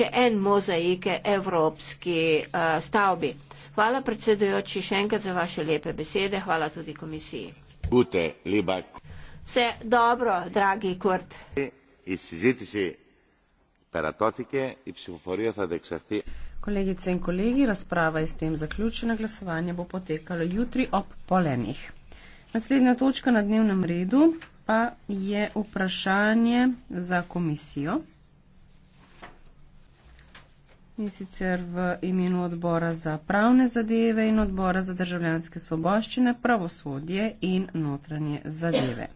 še en mozaike evropski uh, stavbi. Hvala predsedujoči še enkrat za vaše lepe besede, hvala tudi komisiji. Ute, libak. Vse dobro, dragi Kurt. E, Kolegice in kolegi, razprava je s tem zaključena, glasovanje bo potekalo jutri ob polenih. Naslednja točka na dnevnem redu pa je vprašanje za komisijo in sicer v imenu odbora za pravne zadeve in odbora za državljanske svoboščine, pravosodje in notranje zadeve.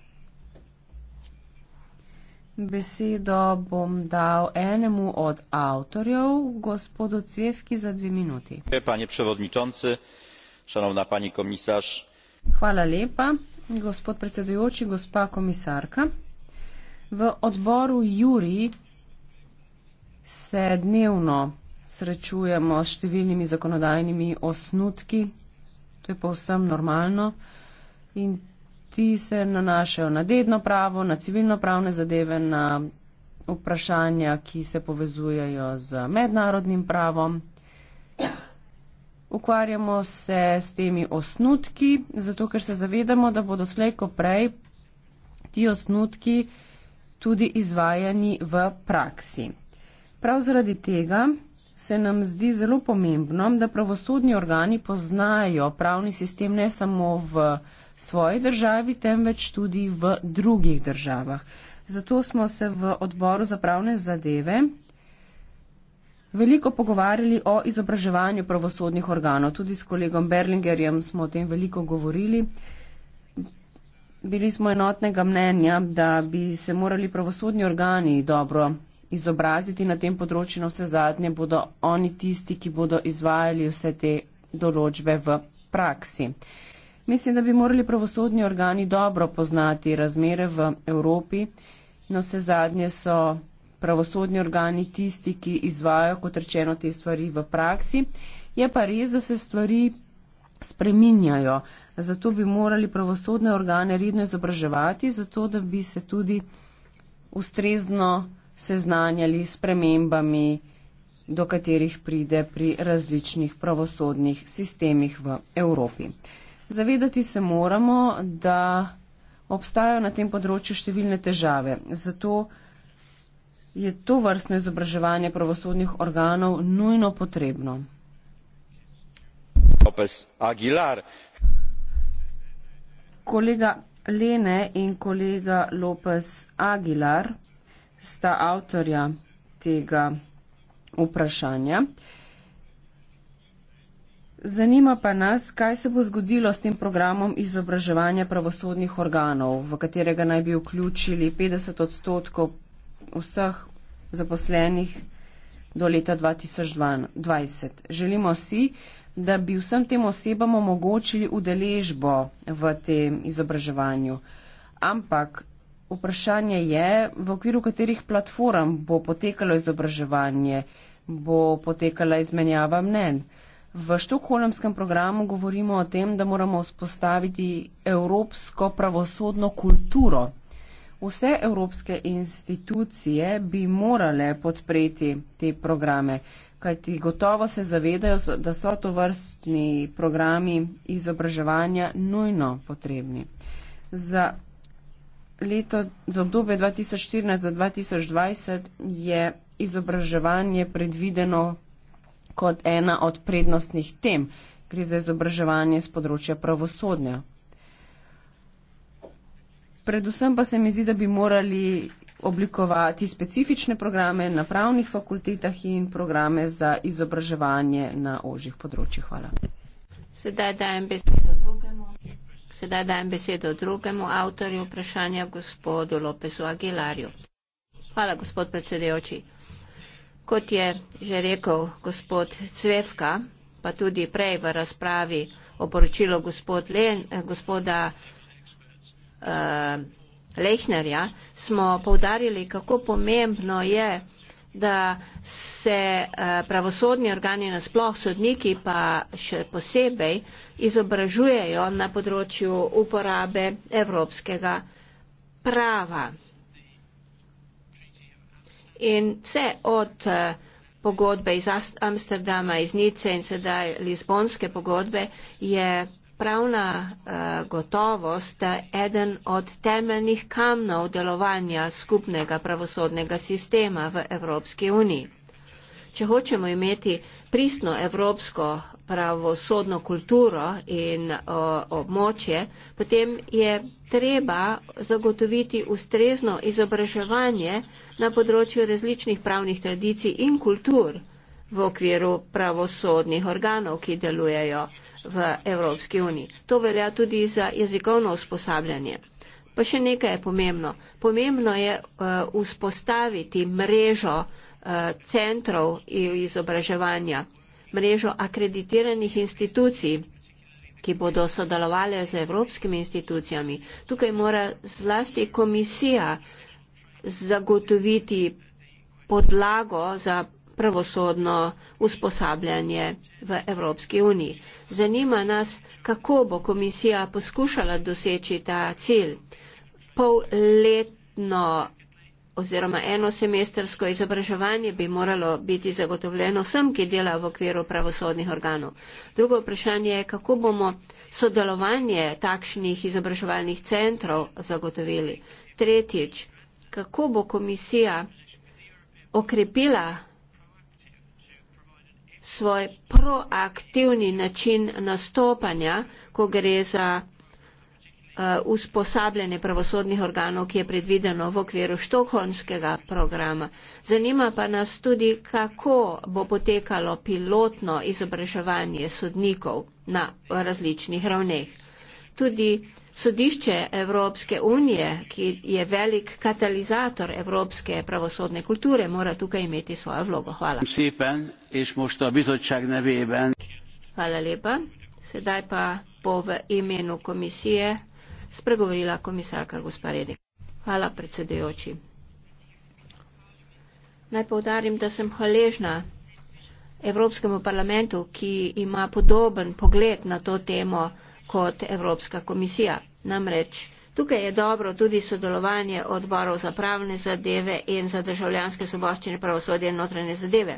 Besedo bom dal enemu od avtorjev, gospodu Cvevki, za dve minuti. Panje predsedujoči, šanovna pani komisar. Hvala lepa, gospod predsedujoči, gospa komisarka. V odboru Juri se dnevno srečujemo s številnimi zakonodajnimi osnutki, to je povsem normalno. In ti se nanašajo na dedno pravo, na civilno pravne zadeve, na vprašanja, ki se povezujejo z mednarodnim pravom. Ukvarjamo se s temi osnutki, zato ker se zavedamo, da bodo slejko prej ti osnutki tudi izvajani v praksi. Prav zaradi tega se nam zdi zelo pomembno, da pravosodni organi poznajo pravni sistem ne samo v svoji državi, temveč tudi v drugih državah. Zato smo se v odboru za pravne zadeve veliko pogovarjali o izobraževanju pravosodnih organov. Tudi s kolegom Berlingerjem smo o tem veliko govorili. Bili smo enotnega mnenja, da bi se morali pravosodni organi dobro izobraziti na tem področju, na no, vse zadnje bodo oni tisti, ki bodo izvajali vse te določbe v praksi. Mislim, da bi morali pravosodni organi dobro poznati razmere v Evropi, na no, vse zadnje so pravosodni organi tisti, ki izvajo, kot rečeno, te stvari v praksi. Je pa res, da se stvari spreminjajo. Zato bi morali pravosodne organe redno izobraževati, zato da bi se tudi ustrezno seznanjali s premembami, do katerih pride pri različnih pravosodnih sistemih v Evropi. Zavedati se moramo, da obstajajo na tem področju številne težave. Zato je to vrstno izobraževanje pravosodnih organov nujno potrebno. Kolega Lene in kolega Lopez Aguilar sta avtorja tega vprašanja. Zanima pa nas, kaj se bo zgodilo s tem programom izobraževanja pravosodnih organov, v katerega naj bi vključili 50 odstotkov vseh zaposlenih do leta 2020. Želimo si, da bi vsem tem osebam omogočili udeležbo v tem izobraževanju. Ampak vprašanje je, v okviru katerih platform bo potekalo izobraževanje, bo potekala izmenjava mnen. V štokholmskem programu govorimo o tem, da moramo vzpostaviti evropsko pravosodno kulturo. Vse evropske institucije bi morale podpreti te programe, kajti gotovo se zavedajo, da so to vrstni programi izobraževanja nujno potrebni. Za leto, za obdobje 2014 do 2020 je izobraževanje predvideno kot ena od prednostnih tem. Gre za izobraževanje z področja pravosodnja. Predvsem pa se mi zdi, da bi morali oblikovati specifične programe na pravnih fakultetah in programe za izobraževanje na ožjih področjih. Hvala. Sedaj dajem besedo drugemu. Sedaj dajem besedo drugemu avtorju vprašanja, gospodu Lopesu Aguilarju. Hvala, gospod predsedujoči. Kot je že rekel gospod Cvevka, pa tudi prej v razpravi oporočilo gospod Len, eh, gospoda uh, Lehnerja, smo povdarjali, kako pomembno je, da se eh, pravosodni organi nasploh, sodniki pa še posebej izobražujejo na področju uporabe evropskega prava. In vse od eh, pogodbe iz Amsterdama, iz Nice in sedaj Lizbonske pogodbe je pravna uh, gotovost eh, eden od temeljnih kamnov delovanja skupnega pravosodnega sistema v Evropski uniji. Če hočemo imeti pristno evropsko pravosodno kulturo in uh, območje, potem je treba zagotoviti ustrezno izobraževanje na področju različnih pravnih tradicij in kultur v okviru pravosodnih organov, ki delujejo v Evropski uniji. To velja tudi za jezikovno usposabljanje. Pa še nekaj je pomembno. Pomembno je uh, vzpostaviti mrežo uh, centrov izobraževanja, mrežo akreditiranih institucij, ki bodo sodelovali z evropskimi institucijami. Tukaj mora zlasti komisija zagotoviti podlago za pravosodno usposabljanje v Evropski uniji. Zanima nas, kako bo komisija poskušala doseči ta cilj. Polletno oziroma enosemestrsko izobraževanje bi moralo biti zagotovljeno vsem, ki dela v okviru pravosodnih organov. Drugo vprašanje je, kako bomo sodelovanje takšnih izobraževalnih centrov zagotovili. Tretjič, kako bo komisija okrepila svoj proaktivni način nastopanja, ko gre za eh, usposabljanje pravosodnih organov, ki je predvideno v okviru štokholmskega programa. Zanima pa nas tudi, kako bo potekalo pilotno izobraževanje sodnikov na različnih ravneh tudi sodišče Evropske unije, ki je velik katalizator evropske pravosodne kulture, mora tukaj imeti svojo vlogo. Hvala. Hvala lepa. Sedaj pa bo v imenu komisije spregovorila komisarka gospa Redek. Hvala predsedujoči. Naj povdarim, da sem hvaležna Evropskemu parlamentu, ki ima podoben pogled na to temo kot Evropska komisija. Namreč tukaj je dobro tudi sodelovanje odborov za pravne zadeve in za državljanske soboščine pravosodje in notranje zadeve.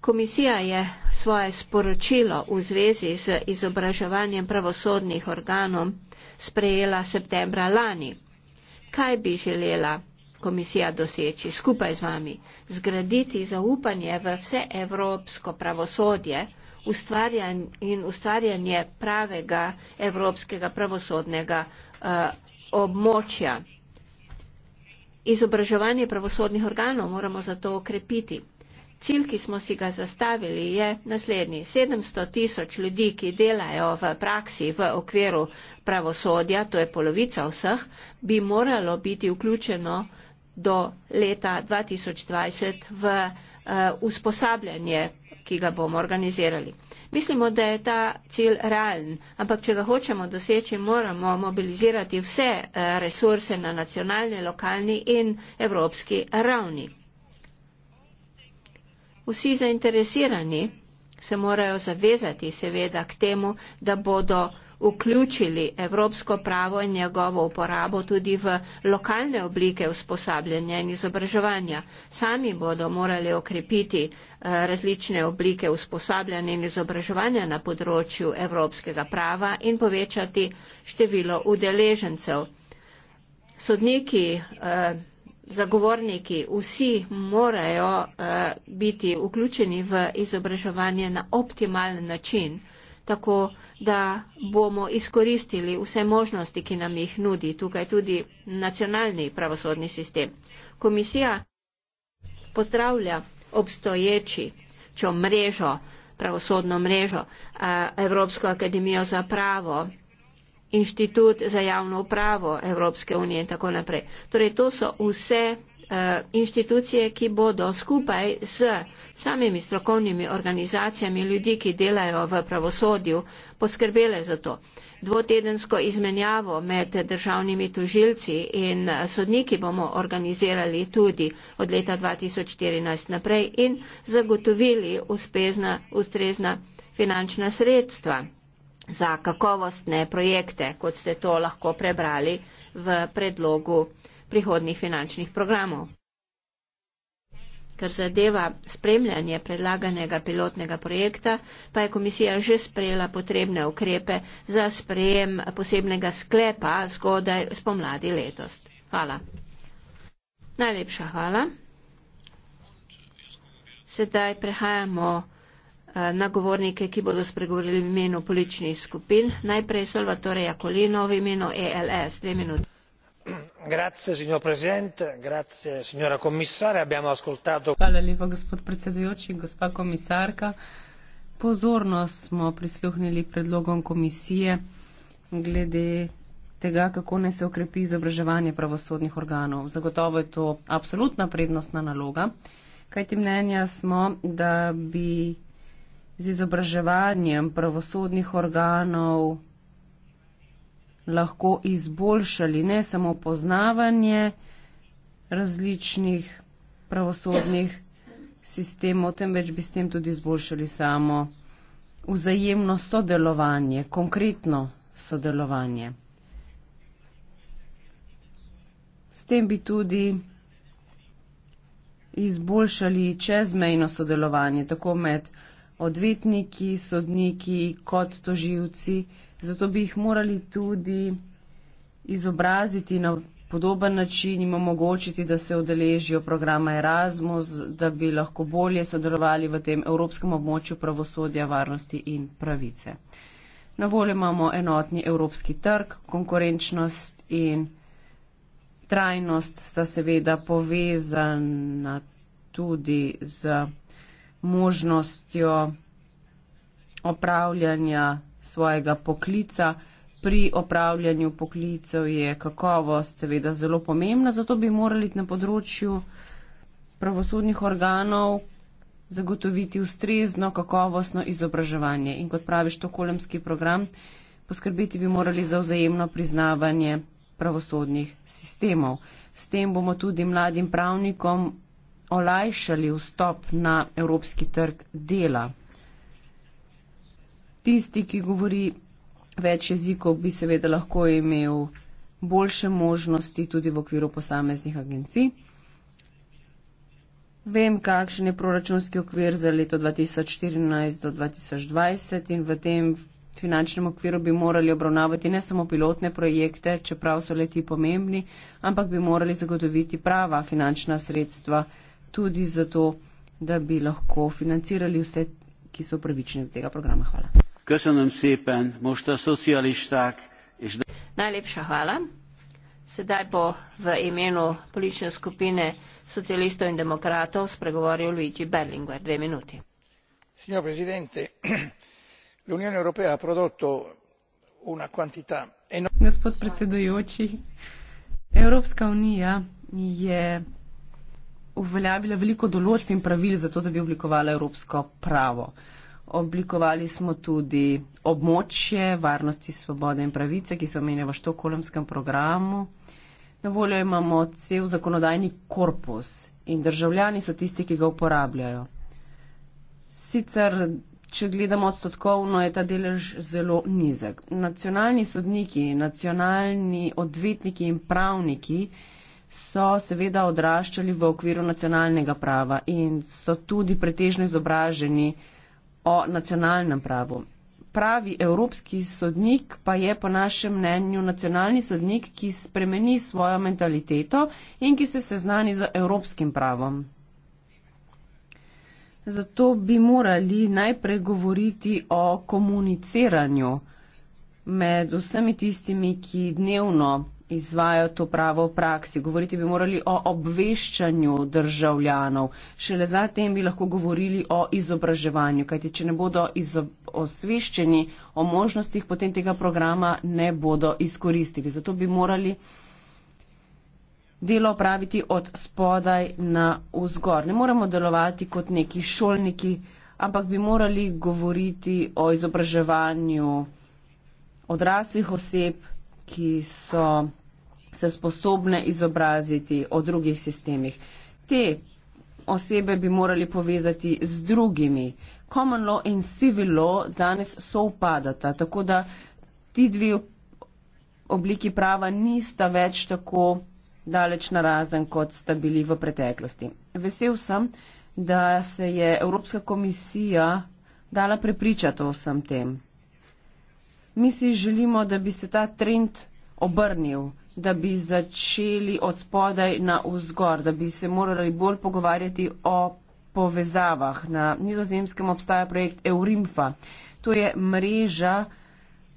Komisija je svoje sporočilo v zvezi z izobraževanjem pravosodnih organov sprejela septembra lani. Kaj bi želela komisija doseči skupaj z vami? Zgraditi zaupanje v vse evropsko pravosodje, ustvarjanje in ustvarjanje pravega evropskega pravosodnega uh, območja. Izobraževanje pravosodnih organov moramo zato okrepiti. Cilj, ki smo si ga zastavili, je naslednji. 700 tisoč ljudi, ki delajo v praksi v okviru pravosodja, to je polovica vseh, bi moralo biti vključeno do leta 2020 v uh, usposabljanje ki ga bomo organizirali. Mislimo, da je ta cilj realen, ampak če ga hočemo doseči, moramo mobilizirati vse eh, resurse na nacionalni, lokalni in evropski ravni. Vsi zainteresirani se morajo zavezati seveda k temu, da bodo vključili evropsko pravo in njegovo uporabo tudi v lokalne oblike usposabljanja in izobraževanja. Sami bodo morali okrepiti eh, različne oblike usposabljanja in izobraževanja na področju evropskega prava in povečati število udeležencev. Sodniki, eh, zagovorniki, vsi morajo eh, biti vključeni v izobraževanje na optimalen način, tako da da bomo izkoristili vse možnosti, ki nam jih nudi tukaj tudi nacionalni pravosodni sistem. Komisija pozdravlja obstoječi čo mrežo, pravosodno mrežo, Evropsko akademijo za pravo, Inštitut za javno upravo Evropske unije in tako naprej. Torej, to so vse Eh, inštitucije, ki bodo skupaj s samimi strokovnimi organizacijami ljudi, ki delajo v pravosodju, poskrbele za to. Dvotedensko izmenjavo med državnimi tožilci in sodniki bomo organizirali tudi od leta 2014 naprej in zagotovili uspezna, ustrezna finančna sredstva za kakovostne projekte, kot ste to lahko prebrali v predlogu uh, prihodnih finančnih programov. Ker zadeva spremljanje predlaganega pilotnega projekta, pa je komisija že sprejela potrebne ukrepe za sprejem posebnega sklepa zgodaj spomladi letos. Hvala. Najlepša hvala. Sedaj prehajamo eh, na govornike, ki bodo spregovorili v imenu političnih skupin. Najprej Salvatore Jakolino v imenu ELS. Dve minuti signor presidente signora commissaria abbiamo ascoltato. gospod predsedujoči gospa komisarka pozorno smo prisluhnili predlogom komisije glede tega kako naj se okrepi izobraževanje pravosodnih organov zagotovo je to absolutna prednostna naloga kajti mnenja smo da bi z izobraževanjem pravosodnih organov lahko izboljšali ne samo poznavanje različnih pravosodnih sistemov, temveč bi s tem tudi izboljšali samo vzajemno sodelovanje, konkretno sodelovanje. S tem bi tudi izboljšali čezmejno sodelovanje, tako med odvetniki, sodniki kot toživci zato bi jih morali tudi izobraziti na podoben način in omogočiti, da se odeležijo programa Erasmus, da bi lahko bolje sodelovali v tem evropskem območju pravosodja, varnosti in pravice. Na voljo imamo enotni evropski trg, konkurenčnost in trajnost sta seveda povezana tudi z možnostjo opravljanja svojega poklica. Pri opravljanju poklicev je kakovost seveda zelo pomembna, zato bi morali na področju pravosodnih organov zagotoviti ustrezno kakovostno izobraževanje. In kot praviš, to kolemski program poskrbeti bi morali za vzajemno priznavanje pravosodnih sistemov. S tem bomo tudi mladim pravnikom olajšali vstop na evropski trg dela. Tisti, ki govori več jezikov, bi seveda lahko imel boljše možnosti tudi v okviru posameznih agencij. Vem, kakšen je proračunski okvir za leto 2014 do 2020 in v tem finančnem okviru bi morali obravnavati ne samo pilotne projekte, čeprav so leti pomembni, ampak bi morali zagotoviti prava finančna sredstva tudi za to, da bi lahko financirali vse, ki so upravičeni do tega programa. Hvala. Najlepša hvala. Sedaj bo v imenu politične skupine socialistov in demokratov spregovoril Luigi Berlinguer. Dve minuti. Signor Presidente, l'Unione Europea ha prodotto una quantità enorme. Gospod predsedujoči, Evropska unija je uveljavila veliko določb in pravil za to, da bi oblikovala evropsko pravo. Oblikovali smo tudi območje varnosti, svobode in pravice, ki se omenja v Štokolmskem programu. Na voljo imamo cel zakonodajni korpus in državljani so tisti, ki ga uporabljajo. Sicer, če gledamo odstotkovno, je ta delež zelo nizek. Nacionalni sodniki, nacionalni odvetniki in pravniki so seveda odraščali v okviru nacionalnega prava in so tudi pretežno izobraženi o nacionalnem pravu. Pravi evropski sodnik pa je po našem mnenju nacionalni sodnik, ki spremeni svojo mentaliteto in ki se seznani z evropskim pravom. Zato bi morali najprej govoriti o komuniciranju med vsemi tistimi, ki dnevno izvajajo to pravo v praksi. Govoriti bi morali o obveščanju državljanov. Šele zatem bi lahko govorili o izobraževanju, kajti če ne bodo osveščeni o možnostih, potem tega programa ne bodo izkoristili. Zato bi morali delo praviti od spodaj na vzgor. Ne moremo delovati kot neki šolniki, ampak bi morali govoriti o izobraževanju odraslih oseb, ki so se sposobne izobraziti o drugih sistemih. Te osebe bi morali povezati z drugimi. Common law in civil law danes so upadata, tako da ti dve obliki prava nista več tako daleč narazen, kot sta bili v preteklosti. Vesel sem, da se je Evropska komisija dala prepričati o vsem tem. Mi si želimo, da bi se ta trend obrnil da bi začeli od spodaj na vzgor, da bi se morali bolj pogovarjati o povezavah. Na nizozemskem obstaja projekt Eurimfa. To je mreža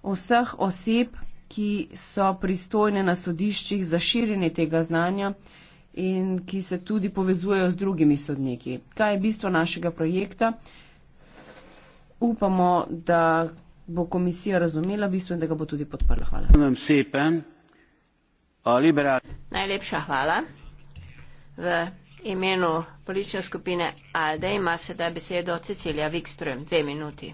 vseh oseb, ki so pristojne na sodiščih za širjenje tega znanja in ki se tudi povezujejo z drugimi sodniki. Kaj je bistvo našega projekta? Upamo, da bo komisija razumela bistvo in da ga bo tudi podprla. Hvala. Hvala vam sepen. Najlepša hvala. V imenu politične skupine ALDE ima sedaj besedo Cecilija Wikström, dve minuti.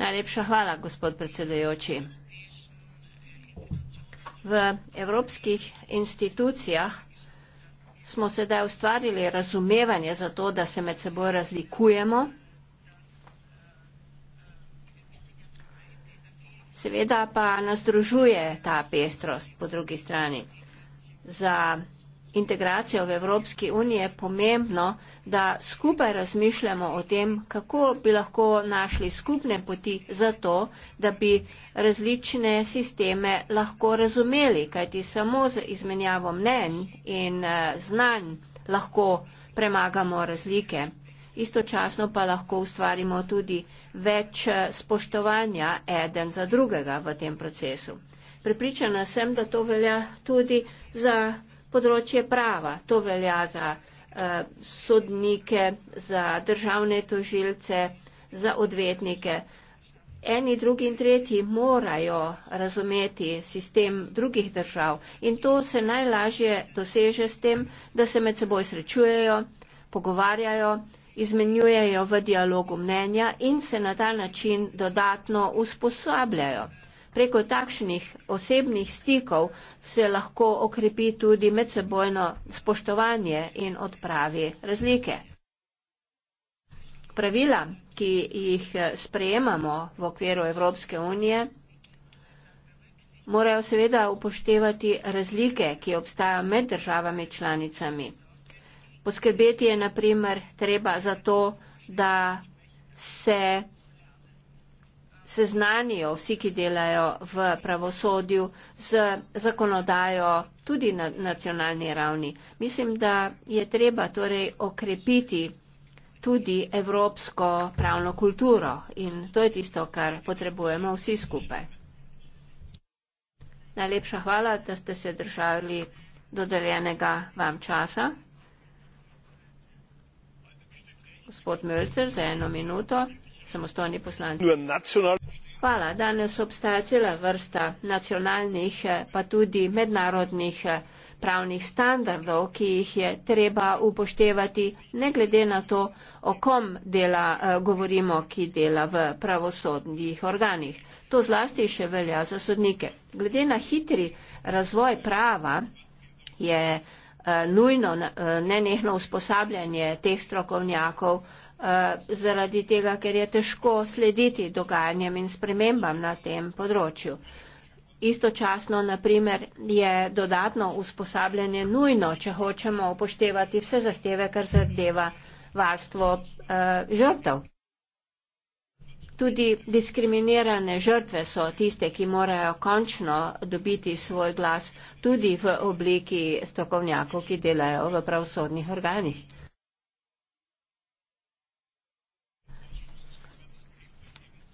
Najlepša hvala, gospod predsedujoči. V evropskih institucijah smo sedaj ustvarili razumevanje za to, da se med seboj razlikujemo. Seveda pa nas družuje ta pestrost po drugi strani. Za integracijo v Evropski uniji je pomembno, da skupaj razmišljamo o tem, kako bi lahko našli skupne poti za to, da bi različne sisteme lahko razumeli, kajti samo z izmenjavo mnen in eh, znanj lahko premagamo razlike istočasno pa lahko ustvarimo tudi več eh, spoštovanja eden za drugega v tem procesu. Pripričana sem, da to velja tudi za področje prava, to velja za eh, sodnike, za državne tožilce, za odvetnike. Eni, drugi in tretji morajo razumeti sistem drugih držav in to se najlažje doseže s tem, da se med seboj srečujejo, pogovarjajo, izmenjujejo v dialogu mnenja in se na ta način dodatno usposabljajo. Preko takšnih osebnih stikov se lahko okrepi tudi medsebojno spoštovanje in odpravi razlike. Pravila, ki jih eh, sprejemamo v okviru Evropske unije, morajo seveda upoštevati razlike, ki obstajajo med državami članicami. Poskrbeti je, na primer, treba za to, da se seznanijo vsi, ki delajo v pravosodju z zakonodajo tudi na nacionalni ravni. Mislim, da je treba torej okrepiti tudi evropsko pravno kulturo in to je tisto, kar potrebujemo vsi skupaj. Najlepša hvala, da ste se držali dodeljenega vam časa. Gospod Mölcer, za eno minuto, samostojni poslanec. Hvala. Danes obstaja cela vrsta nacionalnih, eh, pa tudi mednarodnih eh, pravnih standardov, ki jih je treba upoštevati, ne glede na to, o kom dela eh, govorimo, ki dela v pravosodnih organih. To zlasti še velja za sodnike. Glede na hitri razvoj prava je Eh, nujno eh, nenehno usposabljanje teh strokovnjakov, eh, zaradi tega, ker je težko slediti dogajanjem in spremembam na tem področju. Istočasno, naprimer, je dodatno usposabljanje nujno, če hočemo upoštevati vse zahteve, kar zadeva varstvo žrtev tudi diskriminirane žrtve so tiste, ki morajo končno dobiti svoj glas tudi v obliki strokovnjakov, ki delajo v pravosodnih organih.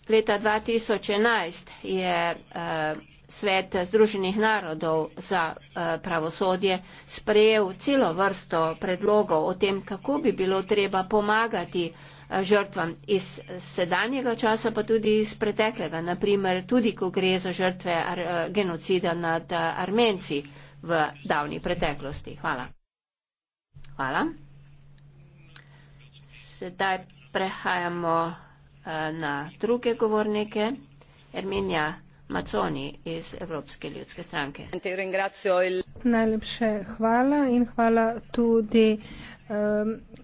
Leta 2011 je eh, Svet Združenih narodov za eh, pravosodje sprejel celo vrsto predlogov o tem, kako bi bilo treba pomagati eh, Eh, žrtvam iz sedanjega časa, pa tudi iz preteklega. Naprimer, tudi ko gre za žrtve ar, eh, genocida nad eh, Armenci v davni preteklosti. Hvala. Hvala. Sedaj prehajamo na druge govornike. Erminja Maconi iz Evropske ljudske stranke. Najlepše hvala in hvala tudi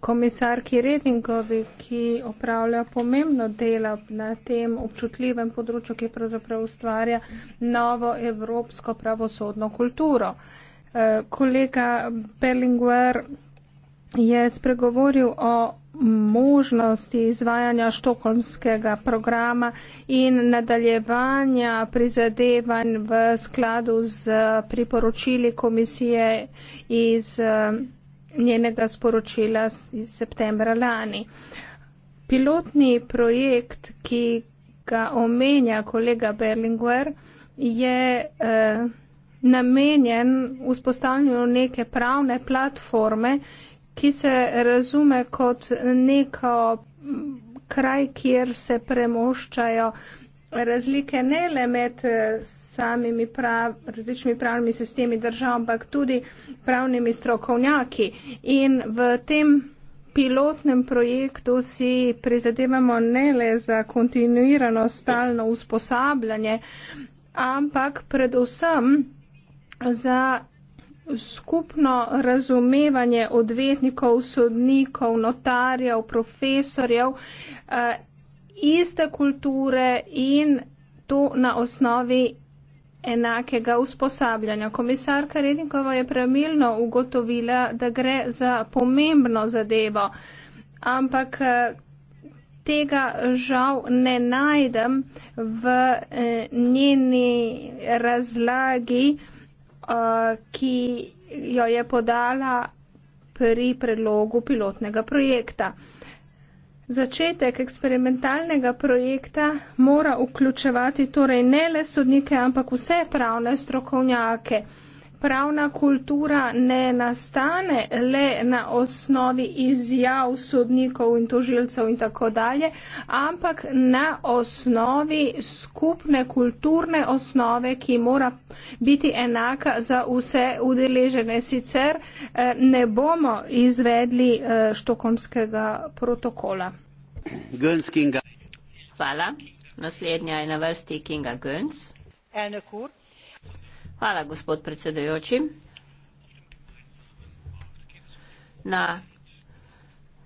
komisarki Redingovi, ki opravlja pomembno delo na tem občutljivem področju, ki pravzaprav ustvarja novo evropsko pravosodno kulturo. Kolega Bellinguer je spregovoril o možnosti izvajanja štokholmskega programa in nadaljevanja prizadevanj v skladu z priporočili komisije iz njenega sporočila iz septembra lani. Pilotni projekt, ki ga omenja kolega Berlinguer, je eh, namenjen vzpostavljanju neke pravne platforme, ki se razume kot neko kraj, kjer se premoščajo razlike ne le med eh, samimi prav, različnimi pravnimi sistemi držav, ampak tudi pravnimi strokovnjaki. In v tem pilotnem projektu si prizadevamo ne le za kontinuirano stalno usposabljanje, ampak predvsem za skupno razumevanje odvetnikov, sodnikov, notarjev, profesorjev eh, iste kulture in to na osnovi enakega usposabljanja. Komisarka Redinkova je pravilno ugotovila, da gre za pomembno zadevo, ampak eh, tega žal ne najdem v eh, njeni razlagi, eh, ki jo je podala pri predlogu pilotnega projekta. Začetek eksperimentalnega projekta mora vključevati torej ne le sodnike, ampak vse pravne strokovnjake pravna kultura ne nastane le na osnovi izjav sodnikov in tožilcev in tako dalje, ampak na osnovi skupne kulturne osnove, ki mora biti enaka za vse udeležene. Sicer eh, ne bomo izvedli eh, štokomskega protokola. Gönc Kinga. Hvala. Naslednja je na vrsti Kinga Gönc. Enakur. Hvala, gospod predsedajoči. Na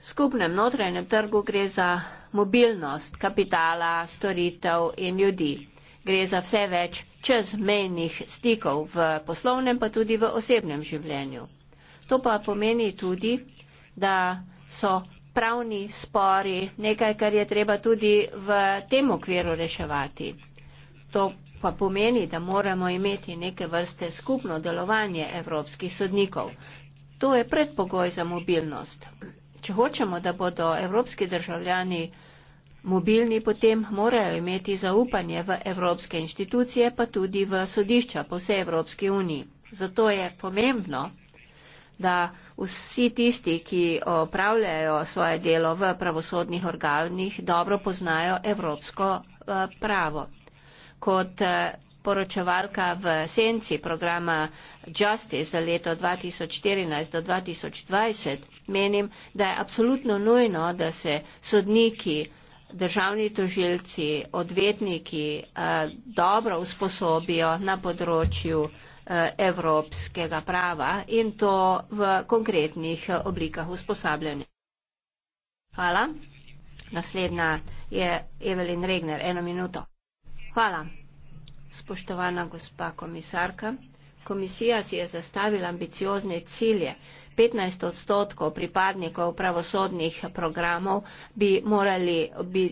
skupnem notranjem trgu gre za mobilnost kapitala, storitev in ljudi. Gre za vse več čezmejnih stikov v poslovnem, pa tudi v osebnem življenju. To pa pomeni tudi, da so pravni spori nekaj, kar je treba tudi v tem okviru reševati. To pa pomeni, da moramo imeti neke vrste skupno delovanje evropskih sodnikov. To je predpogoj za mobilnost. Če hočemo, da bodo evropski državljani mobilni, potem morajo imeti zaupanje v evropske inštitucije, pa tudi v sodišča po vsej Evropski uniji. Zato je pomembno, da vsi tisti, ki opravljajo svoje delo v pravosodnih organih, dobro poznajo evropsko eh, pravo kot eh, poročevalka v senci programa Justice za leto 2014 do 2020, menim, da je absolutno nujno, da se sodniki, državni tožilci, odvetniki eh, dobro usposobijo na področju eh, evropskega prava in to v konkretnih oblikah usposabljanja. Hvala. Naslednja je Evelin Regner. Eno minuto. Hvala. Spoštovana gospa komisarka, komisija si je zastavila ambiciozne cilje. 15 odstotkov pripadnikov pravosodnih programov bi, morali, bi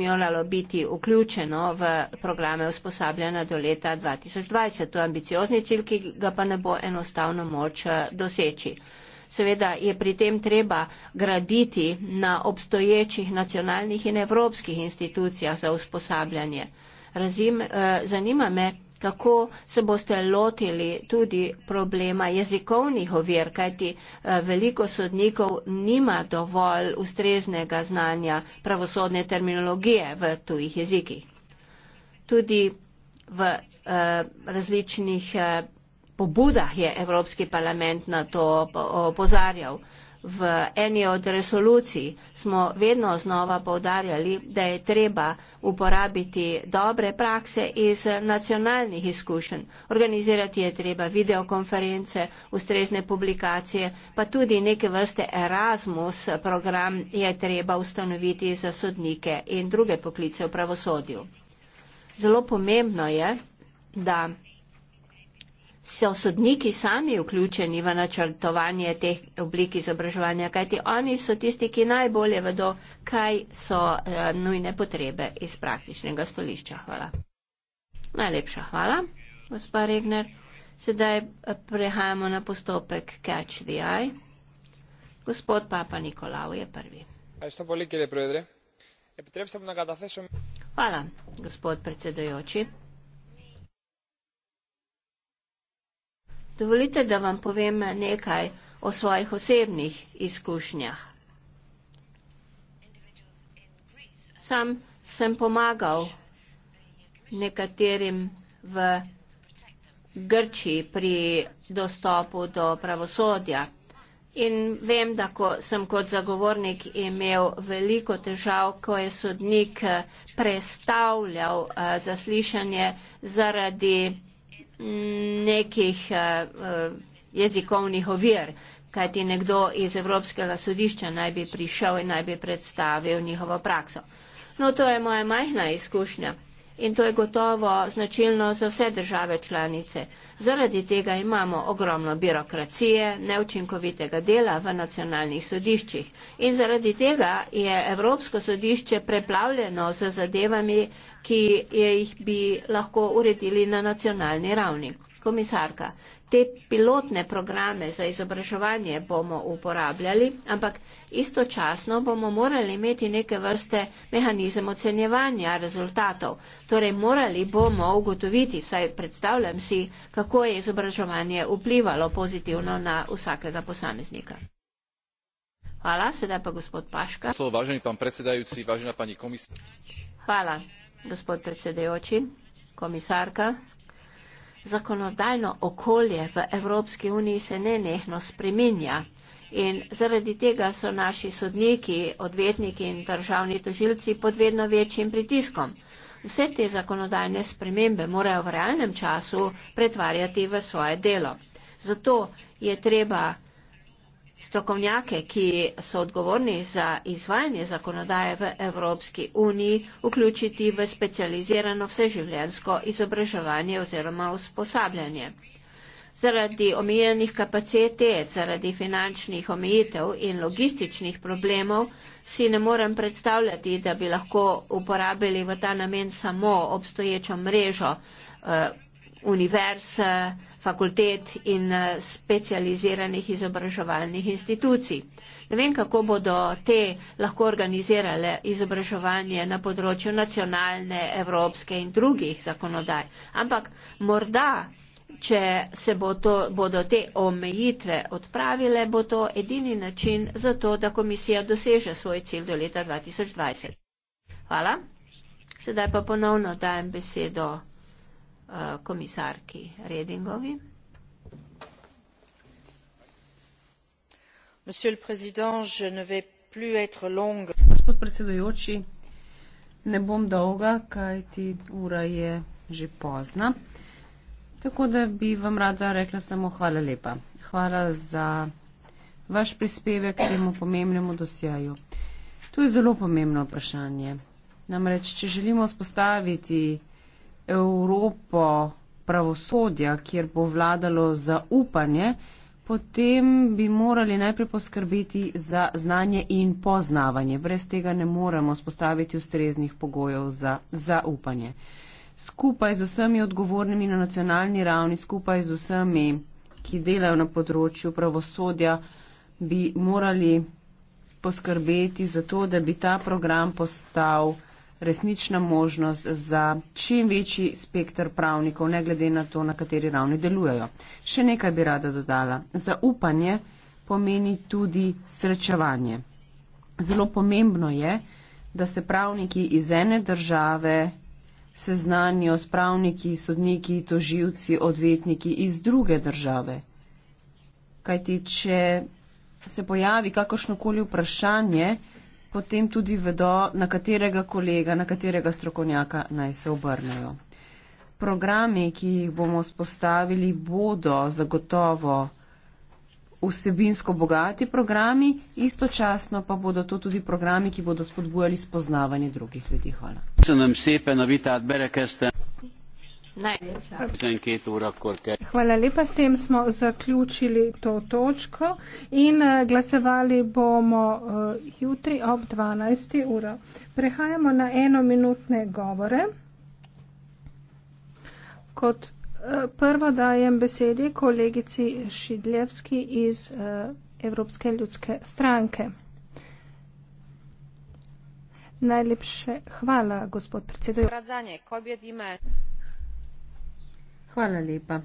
moralo biti vključeno v programe usposabljanja do leta 2020. To je ambiciozni cilj, ki ga pa ne bo enostavno moč eh, doseči. Seveda je pri tem treba graditi na obstoječih nacionalnih in evropskih institucijah za usposabljanje. Razim, eh, zanima me, kako se boste lotili tudi problema jezikovnih ovir, kajti eh, veliko sodnikov nima dovolj ustreznega znanja pravosodne terminologije v tujih jezikih. Tudi v eh, različnih pobudah je Evropski parlament na to opozarjal. Po, V eni od resolucij smo vedno znova povdarjali, da je treba uporabiti dobre prakse iz nacionalnih izkušenj. Organizirati je treba videokonference, ustrezne publikacije, pa tudi neke vrste Erasmus program je treba ustanoviti za sodnike in druge poklice v pravosodju. Zelo pomembno je, da so sodniki sami vključeni v načrtovanje teh oblik izobraževanja, kajti oni so tisti, ki najbolje vedo, kaj so eh, nujne potrebe iz praktičnega stolišča. Hvala. Najlepša hvala, gospa Regner. Sedaj eh, prehajamo na postopek Catch the Eye. Gospod Papa Nikolau je prvi. Hvala, gospod predsedojoči. Dovolite, da vam povem nekaj o svojih osebnih izkušnjah. Sam sem pomagal nekaterim v Grčiji pri dostopu do pravosodja. In vem, da ko sem kot zagovornik imel veliko težav, ko je sodnik eh, prestavljal eh, zaslišanje zaradi nekih uh, uh, jezikovnih ovir, kajti nekdo iz Evropskega sodišča naj bi prišel in naj bi predstavil njihovo prakso. No, to je moja majhna izkušnja in to je gotovo značilno za vse države članice. Zaradi tega imamo ogromno birokracije, neučinkovitega dela v nacionalnih sodiščih in zaradi tega je Evropsko sodišče preplavljeno z zadevami, ki jih bi lahko uredili na nacionalni ravni. Komisarka, te pilotne programe za izobraževanje bomo uporabljali, ampak istočasno bomo morali imeti neke vrste mehanizem ocenjevanja rezultatov. Torej, morali bomo ugotoviti, vsaj predstavljam si, kako je izobraževanje vplivalo pozitivno na vsakega posameznika. Hvala, sedaj pa gospod Paška. Hvala gospod predsedujoči, komisarka. Zakonodajno okolje v Evropski uniji se nenehno spreminja in zaradi tega so naši sodniki, odvetniki in državni tožilci pod vedno večjim pritiskom. Vse te zakonodajne spremembe morajo v realnem času pretvarjati v svoje delo. Zato je treba strokovnjake, ki so odgovorni za izvajanje zakonodaje v Evropski uniji, vključiti v specializirano vseživljensko izobraževanje oziroma usposabljanje. Zaradi omejenih kapacitet, zaradi finančnih omejitev in logističnih problemov si ne morem predstavljati, da bi lahko uporabili v ta namen samo obstoječo mrežo eh, univerz. Eh, fakultet in eh, specializiranih izobraževalnih institucij. Ne vem, kako bodo te lahko organizirale izobraževanje na področju nacionalne, evropske in drugih zakonodaj. Ampak morda, če se bo to, bodo te omejitve odpravile, bo to edini način za to, da komisija doseže svoj cilj do leta 2020. Hvala. Sedaj pa ponovno dajem besedo Eh, komisarki redingovi. Gospod predsedujoči, ne bom dolga, kajti ura je že pozna. Tako da bi vam rada rekla samo hvala lepa. Hvala za vaš prispevek k temu pomembnemu dosjaju. To je zelo pomembno vprašanje. Namreč, če želimo vzpostaviti Evropo pravosodja, kjer bo vladalo zaupanje, potem bi morali najprej poskrbeti za znanje in poznavanje. Brez tega ne moremo spostaviti ustreznih pogojev za zaupanje. Skupaj z vsemi odgovornimi na nacionalni ravni, skupaj z vsemi, ki delajo na področju pravosodja, bi morali poskrbeti za to, da bi ta program postal resnična možnost za čim večji spektr pravnikov, ne glede na to, na kateri ravni delujejo. Še nekaj bi rada dodala. Zaupanje pomeni tudi srečevanje. Zelo pomembno je, da se pravniki iz ene države seznanijo s pravniki, sodniki, toživci, odvetniki iz druge države. Kajti, če se pojavi kakršnokoli vprašanje, potem tudi vedo, na katerega kolega, na katerega strokovnjaka naj se obrnejo. Programi, ki jih bomo spostavili, bodo zagotovo vsebinsko bogati programi, istočasno pa bodo to tudi programi, ki bodo spodbujali spoznavanje drugih ljudi. Hvala. Hvala lepa. S tem smo zaključili to točko in eh, glasovali bomo eh, jutri ob 12. ura. Prehajamo na enominutne govore. Kot eh, prvo dajem besedi kolegici Šidljevski iz Evropske ljudske stranke. Najlepše hvala, gospod predsedujoči. Hvala lepa.